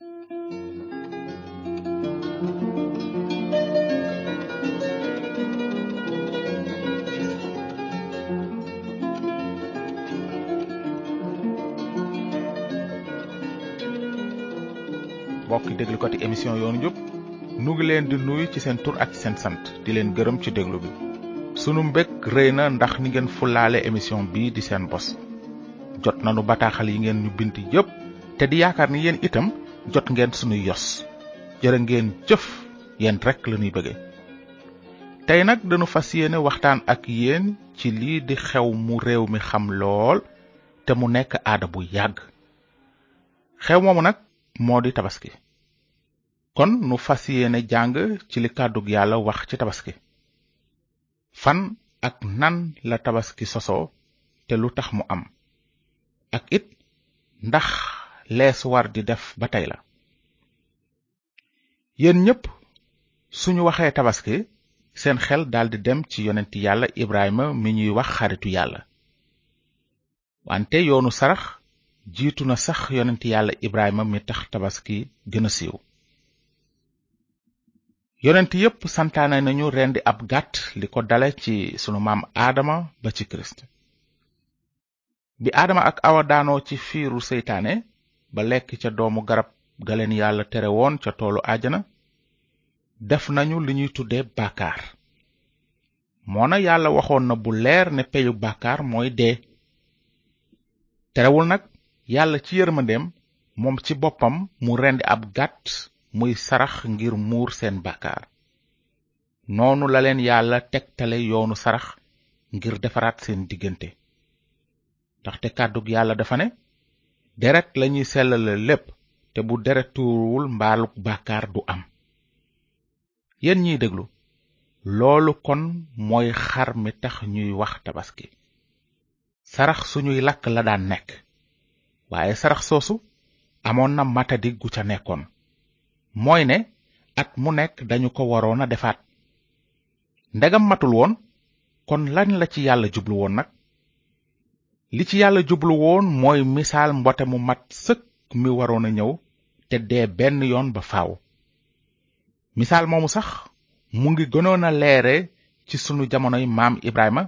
mbokki déglukati émission yoonu njub nu ngi leen di nuyu ci seen tur ak seen sant di leen gërëm ci déglu bi sunu mbég rëy na ndax ni ngeen fulaale émission bii di seen bos jot nanu bataaxal yi ngeen ñu bind yépp te di yaakaar ni yéen itam jot ngeen sunuy yos jërë ngeen jëf yéen rekk la ñuy bëgge tey nag dañu fas yéene waxtaan ak yéen ci lii di xew mu réew mi xam lool te mu nekk aada bu yàgg xew moomu nag moo di tabaski kon nu fas yéene jàng ci li kàddug yàlla wax ci tabaski fan ak nan la tabaski sosoo te lu tax mu am ak it ndax lees war di def ba tey la yéen ñépp suñu waxee tabaski seen xel daldi dem ci yonent yàlla Ibrahima mi ñuy wax xaritu yàlla wante yoonu sarax jiitu na sax yonent yàlla Ibrahima mi tax tabaski gën a siiw yonent yépp santaane nañu rendi ab gàtt li ko dala ci sunu maam Aadama ba ci Kirist bi Aadama ak Awa daanoo ci fiiru seytaane ba lekk ca doomu garab leen yàlla tere woon ca toolu ajana def nañu li ñuy tudde moo moona yàlla waxoon na bu leer ne peyu bàkkaar mooy dee terewul nag yàlla ci yërmandeem moom ci boppam mu rendi ab gàtt muy sarax ngir muur seen bàkkaar noonu la leen yàlla tegtale yoonu sarax ngir defaraat seen diggante ndaxte kàddug yàlla dafa ne deret lañuy sellale lépp te bu deret tuuruwul mbaaluk bàkkaar du am yéen ñiy déglu loolu kon mooy xar mi tax ñuy wax tabaski sarax suñuy lakk la daan nekk waaye sarax soosu amoon na matadi gu ca nekkoon mooy ne at mu nekk dañu ko waroon a defaat ndegam matul woon kon lañ la ci yàlla jublu woon nag li ci yàlla jublu woon mooy misaal mbote mu mat sëkk mi waroon a ñëw te dee benn yoon ba faaw misaal moomu sax mu ngi gënoon a leere ci sunu jamonoy maam Ibrahima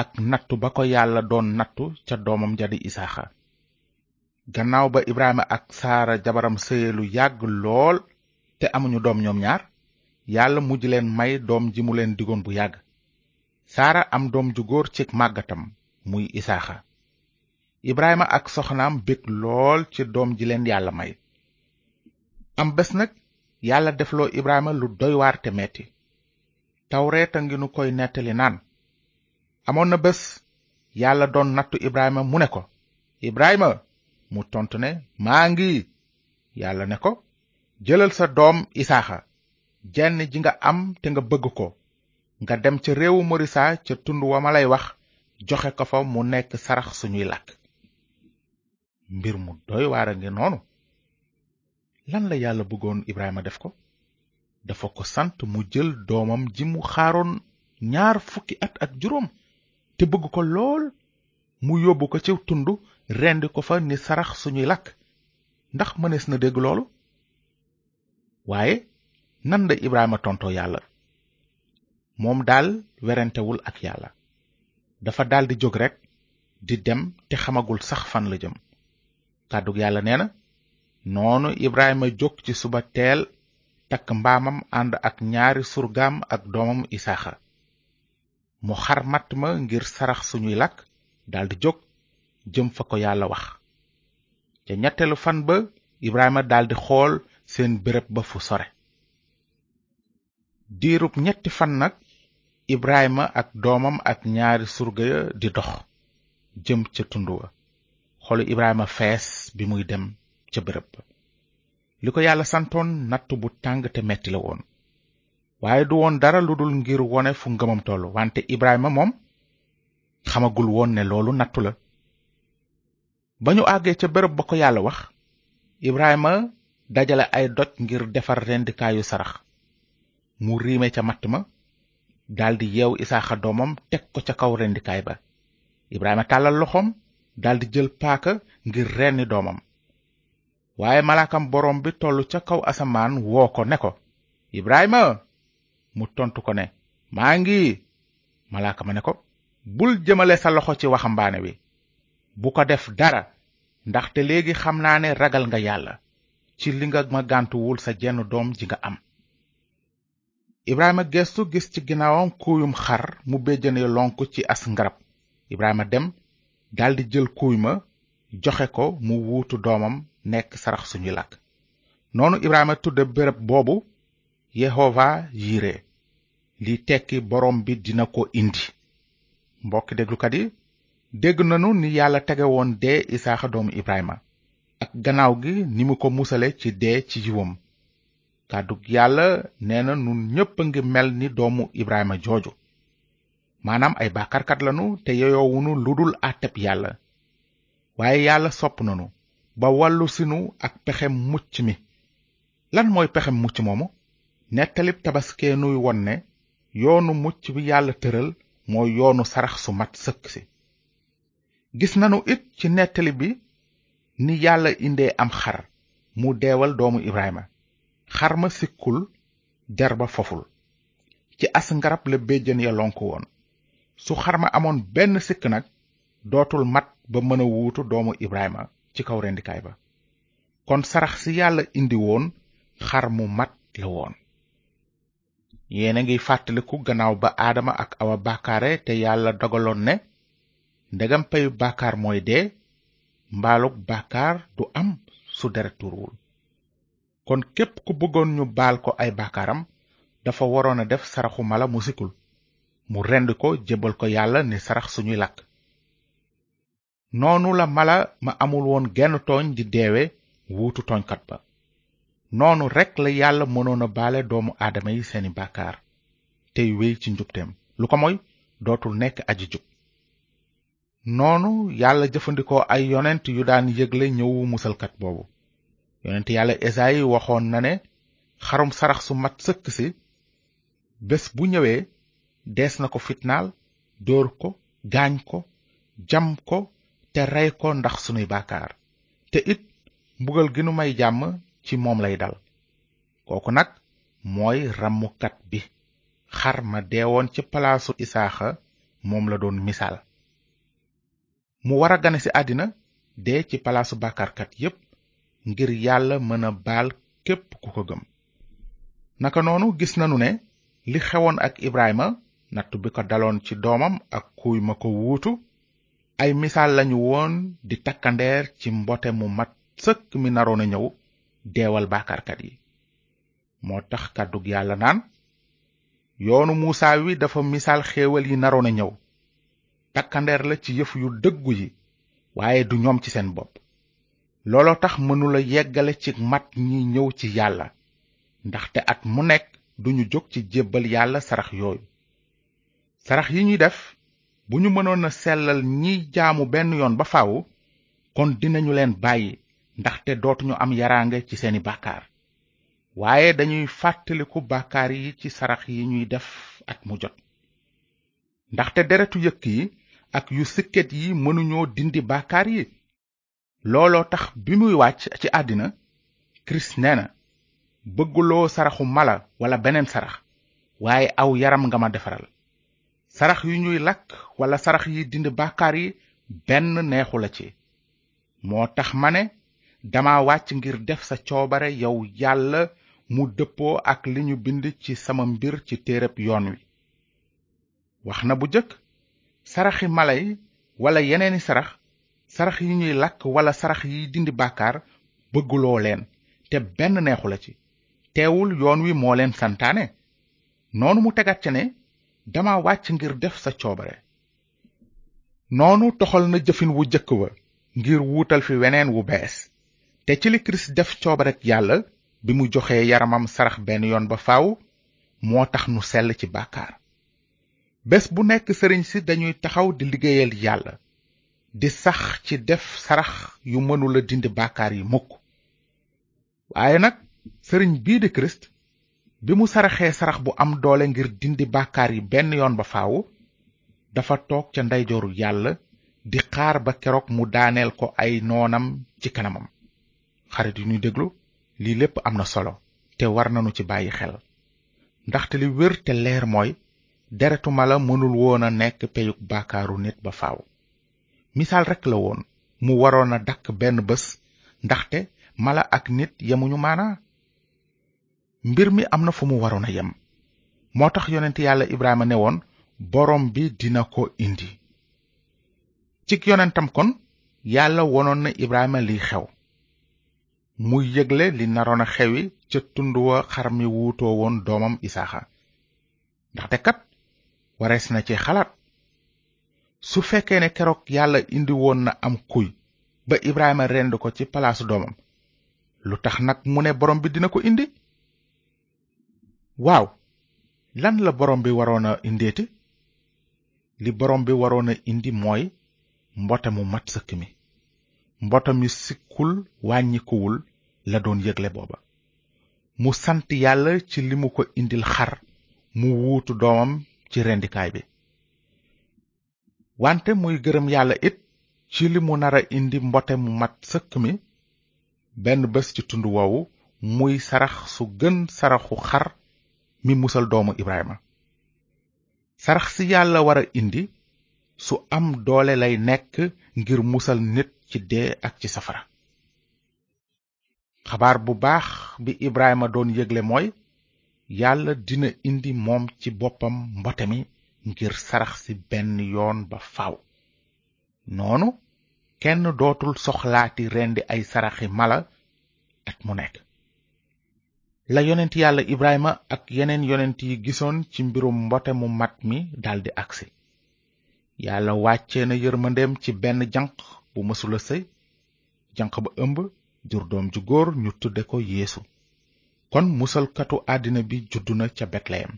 ak nattu ba ko yàlla doon nattu ca doomam jadi Isaaxa gannaaw ba Ibrahima ak Saara jabaram sëye lu yàgg lool te amuñu doom ñoom ñaar yàlla mujj leen may doom ji mu leen digoon bu yàgg Saara am doom ju góor ci màggatam muy Isaaxa Ibrahima ak soxnaam bég lool ci doom ji leen yàlla may am bés nag yàlla defloo Ibrahima lu doy waar te metti tawreeta ngi nu koy nettali naan amoon na bés yàlla doon nattu Ibrahima mu ne ko Ibrahima mu tontu ne maa ngi yàlla ne ko jëlal sa doom Isaaxa jenn ji nga am te nga bëgg ko nga dem ca réewu Morisa ca tund wa ma lay wax joxe ko fa mu nekk sarax suñuy làkk mbir mu doy waar a noonu lan la yàlla bëggoon Ibrahima def ko dafa ko sant mu jël doomam ji mu xaaroon ñaar fukki at ak juróom te bëgg ko lool mu yóbbu ko ci tund rendi ko fa ni sarax suñuy lakk ndax mënees na dégg loolu waaye nan la Ibrahima tontoo yàlla moom daal werantewul ak yàlla dafa daldi jóg rekk di dem te xamagul sax fan la jëm kàddug yàlla nee na noonu Ibrahima jóg ci suba teel takk mbaamam ànd ak ñaari surgaam ak doomam Isaaxa mu xar ma ngir sarax suñuy lakk daldi jóg jëm fa ko yàlla wax ca ñetteelu fan ba Ibrahima daldi xool seen bërëb ba fu sore diirub ñetti fan nag Ibrahima ak doomam ak ñaari surga ya di dox jëm ca tund wa xolu Ibrahima fees bi muy dem ca bërëb li ko yàlla santoon natt bu tàng te metti la woon waaye du woon dara lu dul ngir wone fu ngëmam tollu wante Ibrahima moom xamagul woon ne loolu nattu la ba ñu àggee ca bërëb ba ko yàlla wax Ibrahima dajale ay doj ngir defar rendikaayu sarax mu riime ca matt ma daldi yeew Isaaxa doomam teg ko ca kaw rendikaay ba Ibrahima tàllal loxoom daldi jël paaka ngir renni doomam waaye malaakam borom bi tollu ca kaw asamaan woo ko ne ko Ibrahima mu tontu ko ne maa ngi malaaka ma ne ko bul jëmale sa loxo ci waxambaane wi bu ko def dara ndaxte léegi xam naa ne ragal nga yàlla ci li nga ma gàntuwul sa jenn doom ji nga am Ibrahima gestu gis ci ginnaawam kuuyum xar mu béjjane lonk ci as ngarab Ibrahima dem daldi jël kuuy ma joxe ko mu wuutu doomam nekk sarax suñu làkk noonu Ibrahima tudde béréb boobu Yehova yire li tekki borom bi dina ko indi mbokki déglukat yi dégg nanu ni yàlla tege woon dee Isaaxa doomu Ibrahima ak gannaaw gi ni mu ko musale ci dee ci yiwam kàddug yàlla nee na nun ñépp a ngi mel ni doomu Ibrahima jooju maanaam ay bàkkaarkat lanu te yoyowunu lu dul àtteb yàlla waaye yàlla sopp nanu ba wàllu sinu ak pexem mucc mi lan mooy pexem mucc moomu nettalib tabaskee nuy won ne yoonu mucc bi yàlla tëral mooy yoonu sarax su mat sëkk si gis nanu it ci nettali bi ni yàlla indee am xar mu deewal doomu Ibrahima xar ma sikkul jar ba foful ci as ngarab la béjjën ya lonk woon su xarma amoon benn sikk nag dootul mat ba mën a wuutu doomu Ibrahima ci kaw rendikaay ba kon sarax si yàlla indi woon xar mu mat la woon yéen a ngi fàttaliku gannaaw ba aadama ak awa bàkkaare te yàlla dogaloon ne ndegam payu mooy dee mbaalug bàkkaar du am su deret tuuruwul kon képp ku bëggoon ñu baal ko ay bàkkaaram dafa waroon a def saraxu mala mu sikul mu rend ko jébbal ko yàlla ne sarax suñuy lakk noonu la mala ma amul woon genn tooñ di deewe wuutu tooñkat ba noonu rekk la yàlla mënoon a baale doomu aadama yi seeni bàkkaar tey wéy ci njubteem lu ko moy dootul nekk aji jub noonu yàlla jëfandikoo ay yonent yu daan yëgle ñëwu musalkat boobu yonent yàlla esayi waxoon na ne xarum sarax su mat sëkk si bés bu ñëwee dees na ko fitnaal dóor ko gaañ ko jam ko te rey ko ndax sunuy baakaar te it mbugal gi nu may jàmm ci moom lay dal kooku nag mooy rammukat bi xar ma deewoon ci palaasu isaaxa moom la doon misaal mu war a gane ci àddina dee ci palaasu bàkkaarkat yépp ngir yàlla mën a baal képp ku ko gëm naka noonu gis nanu ne li xewoon ak ibrahima nattu bi ko daloon ci doomam ak kuy ma ko wuutu ay misaal lañu woon di takkandeer ci mbote mu mat sëkk mi naroon a ñëw deewal bàkkaarkat yi moo tax kàddu yàlla naan yoonu muusaa wi dafa misaal xéewal yi naroon a ñëw takkandeer la ci yëf yu dëggu yi waaye du ñoom ci seen bopp looloo tax mënula yeggale ci mat ñi ñëw ci yàlla ndaxte at mu nekk duñu jóg ci jébbal yàlla sarax yooyu sarax yi ñuy def bu ñu mënoon a sellal ñiy jaamu benn yoon ba faw kon dinañu leen bàyyi ndaxte dootuñu am yaraange ci seeni bàkkaar waaye dañuy fàttaliku bàkkaar yi ci sarax yi ñuy def at mu jot ndaxte deretu yëkk yi ak yu sikket yi mënuñoo dindi bàkkaar yi looloo tax bi muy wàcc ci àddina kirist nee na bëgguloo saraxu mala wala beneen sarax waaye aw yaram nga ma defaral sarax yu ñuy lakk walla sarax yi dindi bàkkaar yi benn neexu la ci moo tax ma ne dama wàcc ngir def sa coobare yow yàlla mu dëppoo ak li ñu bind ci sama mbir ci téereb yoon wi wax na bu jëkk saraxi mala yi walla yeneeni sarax sarax yi ñuy lakk walla sarax yi dindi bàkkaar bëgguloo leen te benn neexu la ci teewul yoon wi moo leen santaane noonu mu tegat ca ne dama wàcc ngir def sa coobare noonu toxal na jëfin wu jëkk wa ngir wuutal fi weneen wu bees te ci li kirist def coobarek yàlla bi mu joxee yaramam sarax benn yoon ba faaw moo tax nu sell ci bàkkaar bés bu nekk sëriñ si dañuy taxaw di liggéeyal yàlla di sax ci def sarax yu mënula dindi bàkkaar yi mukk waaye nag sëriñ bii di kirist bi mu saraxee sarax bu am doole ngir dindi bàkkaar yi benn yoon ba faaw dafa toog ca ndeyjooru yàlla di xaar ba keroog mu daaneel ko ay noonam ci kanamam xarit yu ñuy déglu lii lépp am na solo te war nañu ci bàyyi xel ndaxte li wér te leer mooy deretu mala mënul woon a nekk peyug baakaaru nit ba faaw misaal rekk la woon mu waroon a dakk benn bés ndaxte mala ak nit yemuñu maana mbir mi am na fu mu waroon a yem moo tax yonent yàlla Ibrahima ne woon borom bi dina ko indi cig yonentam kon yàlla wonoon na Ibrahima liy xew mu yëgle li naroon a xewi ca tund wa xar mi wuutoo woon doomam Isaaxa ndaxte kat warees na ci xalaat su fekkee ne keroog yàlla indi woon na am kuy ba Ibrahima rend ko ci palaasu doomam lu tax nag mu ne borom bi dina ko indi waaw lan la borom bi waroon a indeeti li borom bi waroon a indi mooy mbote mu mat sëkk mi mbote mi sikkul wàññikuwul la doon yëgle booba mu sant yàlla ci li mu ko indil xar mu wuutu doomam ci rendikaay bi wante muy gërëm yàlla it ci li mu a indi mbote mu mat sëkk mi benn bés ci tund woowu muy sarax su gën saraxu xar mi musal doomu Ibrahima sarax si yàlla wara indi su am doole lay nekk ngir musal nit ci dee ak ci safara xabaar bu baax bi Ibrahima doon yëgle mooy yàlla dina indi moom ci boppam mbote mi ngir sarax si benn yoon ba faaw noonu kenn dootul soxlaati rendi ay saraxi mala at mu nekk la yonent yàlla Ibrahima ak yeneen yonent yi gisoon ci mbirum mbote mu mat mi daldi agsi yàlla wàcce na yërmandeem ci benn janq bu mësula sëy janq ba ëmb jur doom ju góor ñu tudde ko yéesu kon musalkatu àddina bi juddu na ca betleyem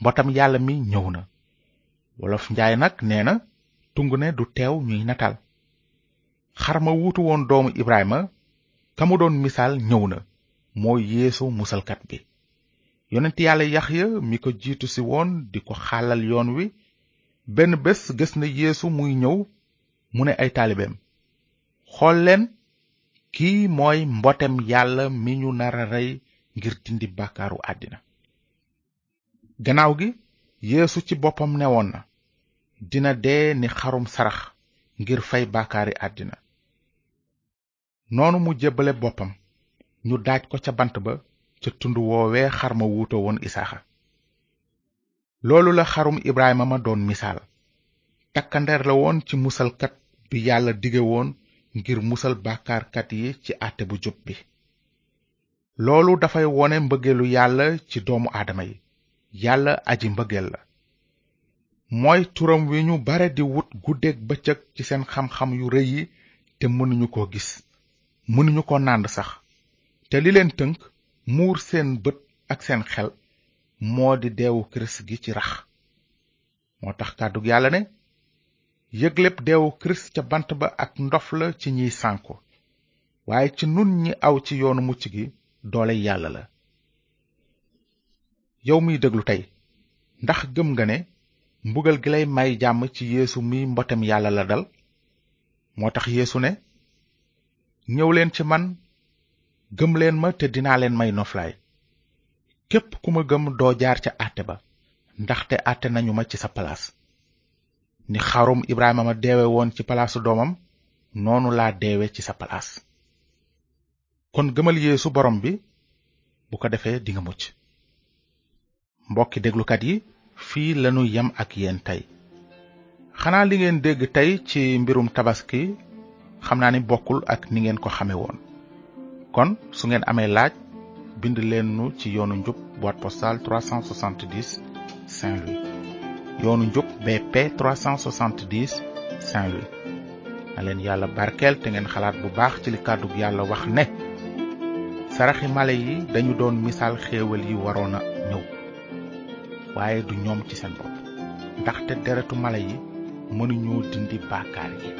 mbotam yàlla mi ñëw na wolof njaay nag nee na tung ne du teew ñuy nataal xar ma wuutu woon doomu ibrahima ka doon misaal ñëw na moo yéesu musalkat bi yonent yàlla yaxya mi ko jiitu ci woon di ko xàllal yoon wi benn bés gis na yeesu muy ñëw mu ne ay taalibeem xool leen kii mooy mbotem yàlla mi ñu nar a rey ngir dindi bàkkaaru àddina gannaaw gi yéesu ci boppam woon na dina dee ni xarum sarax ngir fay bàkkaari àddina noonu mu jébbale boppam ñu daaj ko ca bant ba ca tund woowee woon isaaxa loolu la xarum ibrahima ma doon misaal takkandeer la woon ci musalkat bi yàlla digge woon ngir musal bàkkaarkat yi ci àtte bu jub bi loolu dafay wone mbëggeelu yàlla ci doomu aadama yi yàlla aji mbëggeel la mooy turam wi ñu bare di wut ba bëccëg ci seen xam-xam yu rëy yi te mënuñu ko gis mënuñu ko nànd sax te li leen tënk muur seen bët ak seen xel moo di deewu kirist gi ci rax moo tax kàddu yàlla ne yëgleb deewu kirist ca bant ba ak ndof la ci ñiy sànku waaye ci nun ñi aw ci yoonu mucc gi doole yàlla la yow miy déglu tey ndax gëm nga ne mbugal gi lay may jàmm ci yéesu mi mbotem yàlla la dal moo tax yéesu ne ñëw leen ci man gëm leen ma te dinaa leen may noflaay képp ku ma gëm doo jaar ca àtte ba ndaxte àtte nañu ma ci sa palaas ni xarum Ibrahima ma deewe woon ci palaasu doomam noonu laa deewe ci sa palaas kon gëmal Yeesu borom bi bu ko defee dinga mucc mbokki déglukat yi fii lanu yem ak yéen tey xanaa li ngeen dégg tey ci mbirum tabaski xam naa ni bokkul ak ni ngeen ko xame woon kon su ngeen amee laaj bind leen nu ci yoonu njub boîte postale 370 Saint-Louis yoonu njub BP 370 Saint-Louis na leen yàlla barkeel te ngeen xalaat bu baax ci li kàddu yàlla wax ne saraxi mala yi dañu doon misaal xéewal yi waroon a ñëw waaye du ñoom ci seen bopp ndaxte deretu mala yi mënuñoo dindi baakaar yi